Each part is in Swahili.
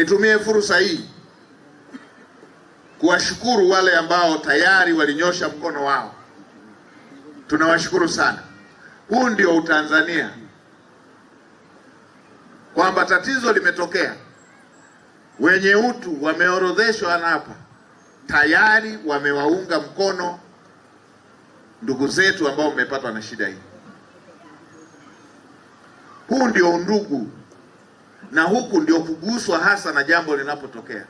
Nitumie fursa hii kuwashukuru wale ambao tayari walinyosha mkono wao, tunawashukuru sana. Huu ndio Utanzania, kwamba tatizo limetokea, wenye utu wameorodheshwa hapa, tayari wamewaunga mkono ndugu zetu ambao mmepatwa na shida hii. Huu ndio undugu na huku ndio kuguswa hasa na jambo linapotokea,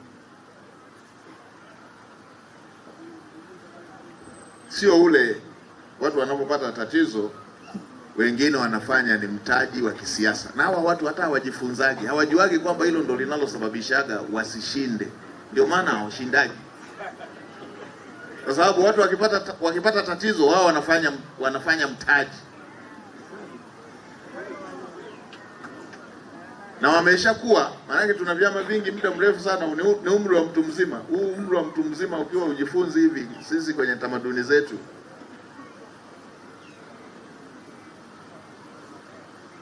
sio ule watu wanapopata tatizo wengine wanafanya ni mtaji wa kisiasa, na hawa watu hata hawajifunzaji, hawajuagi kwamba hilo ndo linalosababishaga wasishinde. Ndio maana hawashindaji, kwa sababu watu wakipata, wakipata tatizo wao wanafanya, wanafanya mtaji na wameshakuwa, maanake tuna vyama vingi muda mrefu sana, ni umri wa mtu mzima. Huu umri wa mtu mzima ukiwa ujifunzi hivi, sisi kwenye tamaduni zetu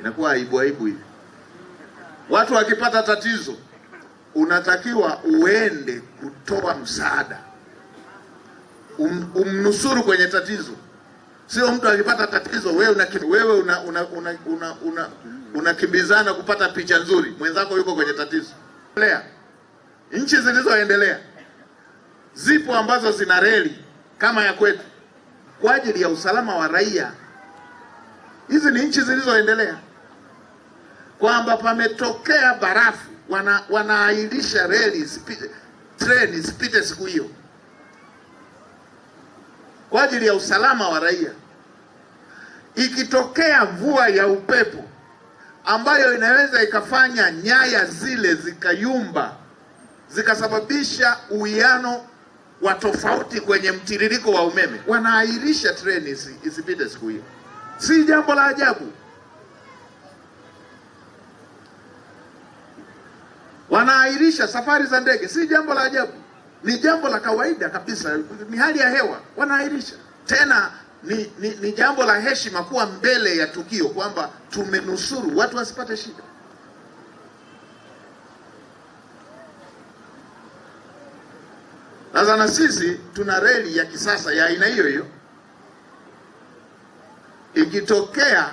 inakuwa aibu aibu hivi. Watu wakipata tatizo, unatakiwa uende kutoa msaada, um, umnusuru kwenye tatizo, sio mtu akipata tatizo wewe una, wewe una, una, una, una, una unakimbizana kupata picha nzuri, mwenzako yuko kwenye tatizo. Nchi zilizoendelea zipo ambazo zina reli kama ya kwetu kwa ajili ya usalama wa raia. Hizi ni nchi zilizoendelea, kwamba pametokea barafu, wana wanaahirisha reli treni zipite siku hiyo kwa ajili ya usalama wa raia. Ikitokea mvua ya upepo ambayo inaweza ikafanya nyaya zile zikayumba zikasababisha uwiano wa tofauti kwenye mtiririko wa umeme, wanaahirisha treni isipite siku hiyo. Si jambo la ajabu, wanaahirisha safari za ndege. Si jambo la ajabu, ni jambo la kawaida kabisa, ni hali ya hewa, wanaahirisha tena ni, ni, ni jambo la heshima kuwa mbele ya tukio kwamba tumenusuru watu wasipate shida. Sasa na sisi tuna reli ya kisasa ya aina hiyo hiyo. Ikitokea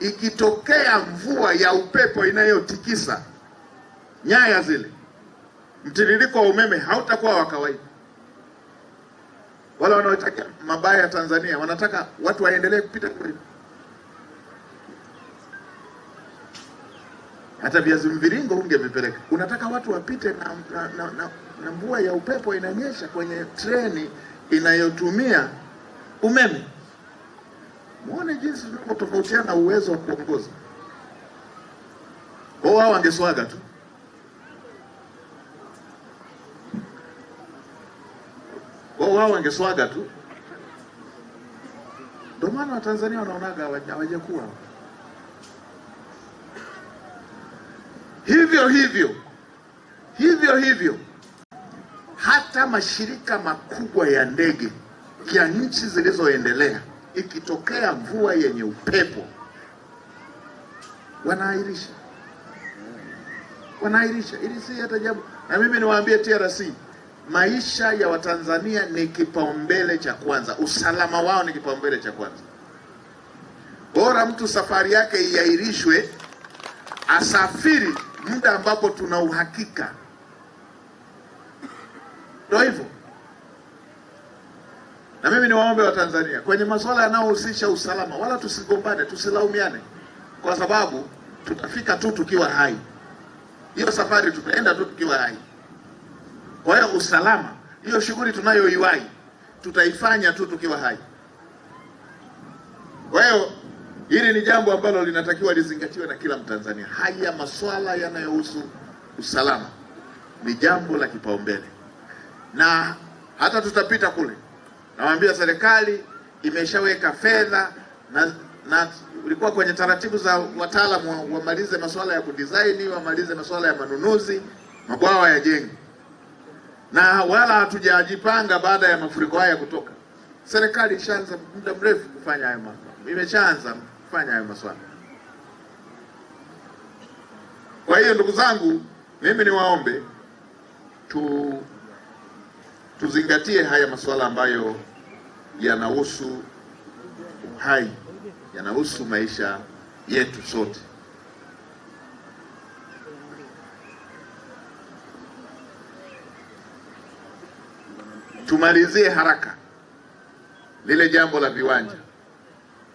ikitokea mvua ya upepo inayotikisa nyaya zile, mtiririko wa umeme hautakuwa wa kawaida wala wanaotaka mabaya Tanzania wanataka watu waendelee kupita kule. Hata viazi mviringo ungevipeleka, unataka watu wapite na, na, na, na, na mvua ya upepo inanyesha kwenye treni inayotumia umeme. Muone jinsi tunapotofautiana uwezo wa kuongoza. Kwa hao wangeswaga tu. wao wangeswaga tu. Ndio maana Watanzania wanaonaga hawajakuwa hivyo hivyo hivyo hivyo. Hata mashirika makubwa ya ndege ya nchi zilizoendelea, ikitokea mvua yenye upepo, wanaahirisha wanaahirisha, ili si hata jambo. Na mimi niwaambie TRC maisha ya Watanzania ni kipaumbele cha kwanza, usalama wao ni kipaumbele cha kwanza. Bora mtu safari yake iahirishwe, asafiri muda ambapo tuna uhakika. Ndio hivyo. Na mimi niwaombe Watanzania kwenye masuala yanayohusisha usalama, wala tusigombane, tusilaumiane, kwa sababu tutafika tu tukiwa hai. Hiyo safari tutaenda tu tukiwa hai. Kwa hiyo usalama, hiyo shughuli tunayoiwahi tutaifanya tu tukiwa hai. Kwa hiyo hili ni jambo ambalo linatakiwa lizingatiwe na kila Mtanzania. Haya masuala yanayohusu usalama ni jambo la kipaumbele, na hata tutapita kule, nawaambia serikali imeshaweka fedha na na ulikuwa kwenye taratibu za wataalamu wamalize masuala ya kudizaini, wamalize masuala ya manunuzi, mabwawa ya jengo na wala hatujajipanga baada ya mafuriko haya kutoka. Serikali ishaanza muda mrefu kufanya hayo mambo, imeshaanza kufanya hayo maswala. Kwa hiyo ndugu zangu, mimi niwaombe tu tuzingatie haya masuala ambayo yanahusu uhai, yanahusu maisha yetu sote. tumalizie haraka lile jambo la viwanja.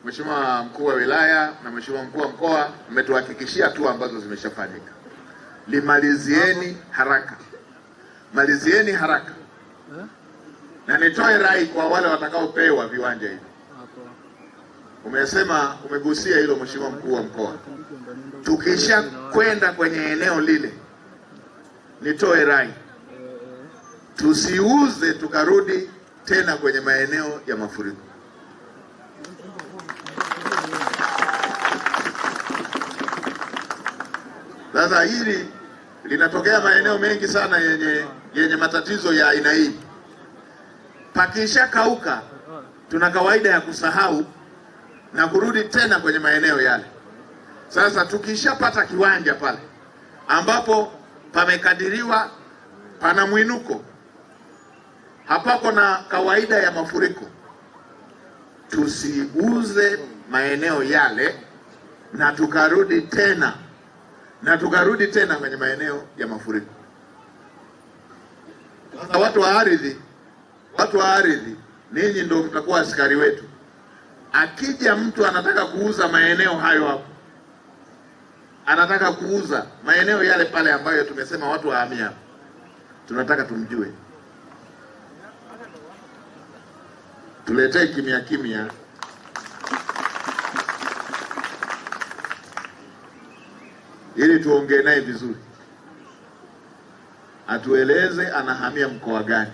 Mheshimiwa mkuu wa wilaya na mheshimiwa mkuu wa mkoa mmetuhakikishia hatua ambazo zimeshafanyika, limalizieni haraka, malizieni haraka. Na nitoe rai kwa wale watakaopewa viwanja hivi. Umesema, umegusia hilo mheshimiwa mkuu wa mkoa, tukisha kwenda kwenye eneo lile, nitoe rai tusiuze tukarudi tena kwenye maeneo ya mafuriko. Sasa hili linatokea maeneo mengi sana yenye, yenye matatizo ya aina hii. Pakisha kauka, tuna kawaida ya kusahau na kurudi tena kwenye maeneo yale. Sasa tukishapata kiwanja pale ambapo pamekadiriwa pana mwinuko hapako na kawaida ya mafuriko, tusiguze maeneo yale na tukarudi tena na tukarudi tena kwenye maeneo ya mafuriko. Sasa watu wa ardhi, watu wa ardhi, ninyi ndio mtakuwa askari wetu. Akija mtu anataka kuuza maeneo hayo hapo, anataka kuuza maeneo yale pale ambayo tumesema watu wahamia, tunataka tumjue. tuletee kimya kimya. ili tuongee naye vizuri, atueleze anahamia mkoa gani.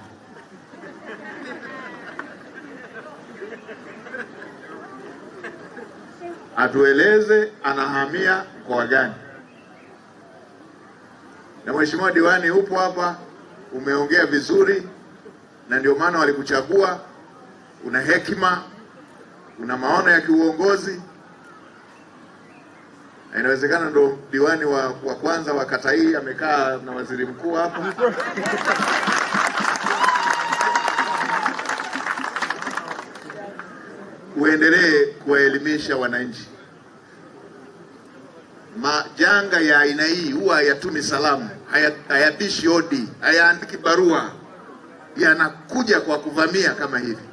Atueleze anahamia mkoa gani. Na mheshimiwa diwani, upo hapa, umeongea vizuri, na ndio maana walikuchagua una hekima, una maono ya kiuongozi, inawezekana ndo diwani wa, wa kwanza wa kata hii amekaa na waziri mkuu hapa uendelee kuwaelimisha wananchi. Majanga ya aina hii huwa hayatumi salamu, hayatishi odi, hayaandiki barua, yanakuja kwa kuvamia kama hivi.